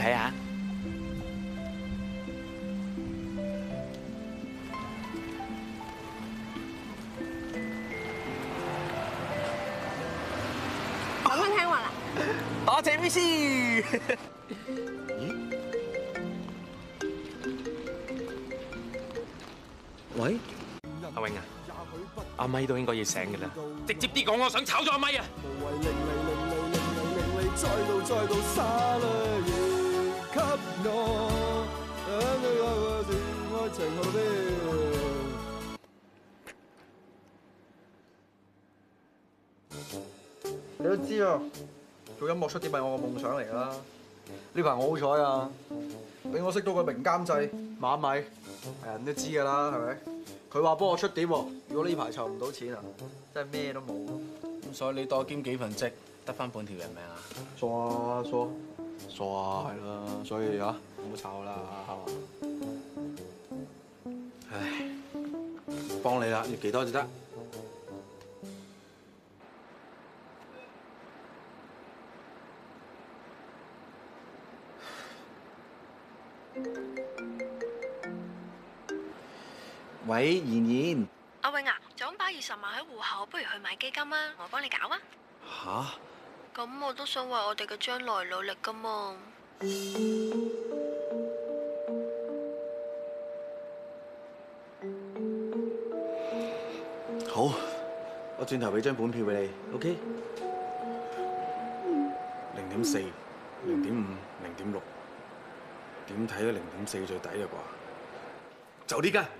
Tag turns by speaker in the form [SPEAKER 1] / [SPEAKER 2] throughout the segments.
[SPEAKER 1] 我好想聽喎！阿 Jamie，喂，阿永啊，阿咪都應該要醒嘅啦。直接啲講，我想炒咗阿咪啊！你都知啊，做音樂出碟係我個夢想嚟啦。呢排我好彩啊，俾我識到個名監製馬米，誒，人都知噶啦，係咪？佢話幫我出碟，如果呢排籌唔到錢啊，真係咩都冇。咁所以你多兼幾份職，得翻半條人命啊。做啊做。傻啊，係啦，所以啊，唔好炒啦，係嘛？唉，幫你啦，要幾多就得。喂，言言。阿永啊，就咁擺二十萬喺戶口，不如去買基金啊，我幫你搞啊。嚇！咁我都想為我哋嘅將來努力噶嘛。好，我轉頭俾張本票俾你，OK？零點四、零點五、零點六，點睇都？零點四最抵啦啩？就呢間。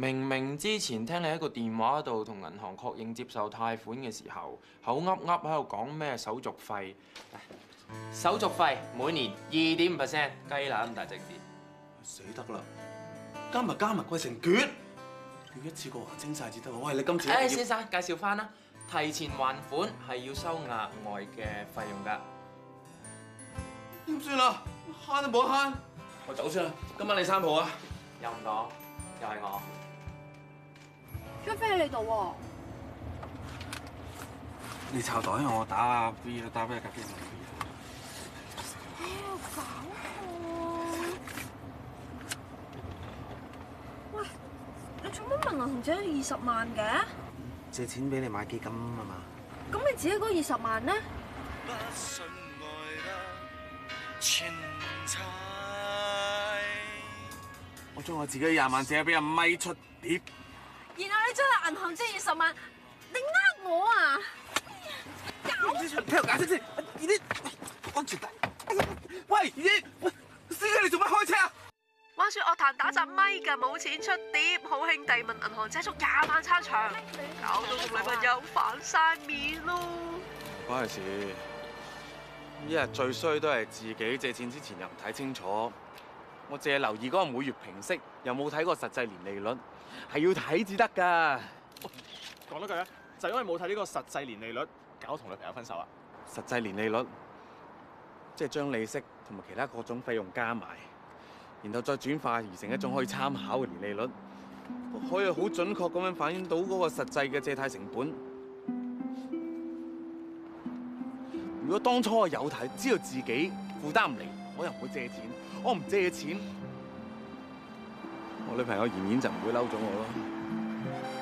[SPEAKER 1] 明明之前聽你喺個電話度同銀行確認接受貸款嘅時候，口噏噏喺度講咩手續費，手續費每年二點五 percent，雞乸咁大隻字，死得啦！加埋加埋貴成卷，要一次過還清晒先得喎。喂，你今次誒先生介紹翻啦，提前還款係要收額外嘅費用㗎。點算啊？慳都冇得慳，我先走先啦。今晚你三鋪啊，又唔講，又係我。佢飛喺你度喎，你抄袋，我打阿 B 啦，打俾你隔籬鄰 B。屌，搞我！喂，你做乜問我同姐二十萬嘅？借錢俾你買基金吖嘛？咁你自己嗰二十萬呢？我將我自己廿萬借俾阿 Mick 出碟。然後你再嚟銀行借二十萬，你呃我啊？搞我！聽我解釋先，依啲安全帶。喂，依司機你做乜開車啊？話說樂壇打雜咪噶，冇錢出碟，好兄弟問銀行借足廿萬差場，搞到同女朋友反晒面咯。嗰陣時，一日最衰都係自己借錢之前又唔睇清楚。我淨係留意嗰個每月平息，又冇睇過實際年利率，係要睇至得㗎。講多句啦，就因為冇睇呢個實際年利率，搞同女朋友分手啊！實際年利率即係將利息同埋其他各種費用加埋，然後再轉化而成一種可以參考嘅年利率，可以好準確咁樣反映到嗰個實際嘅借貸成本。如果當初我有睇，知道自己負擔唔嚟，我又唔會借錢，我唔借錢，我女朋友言言就唔會嬲咗我咯。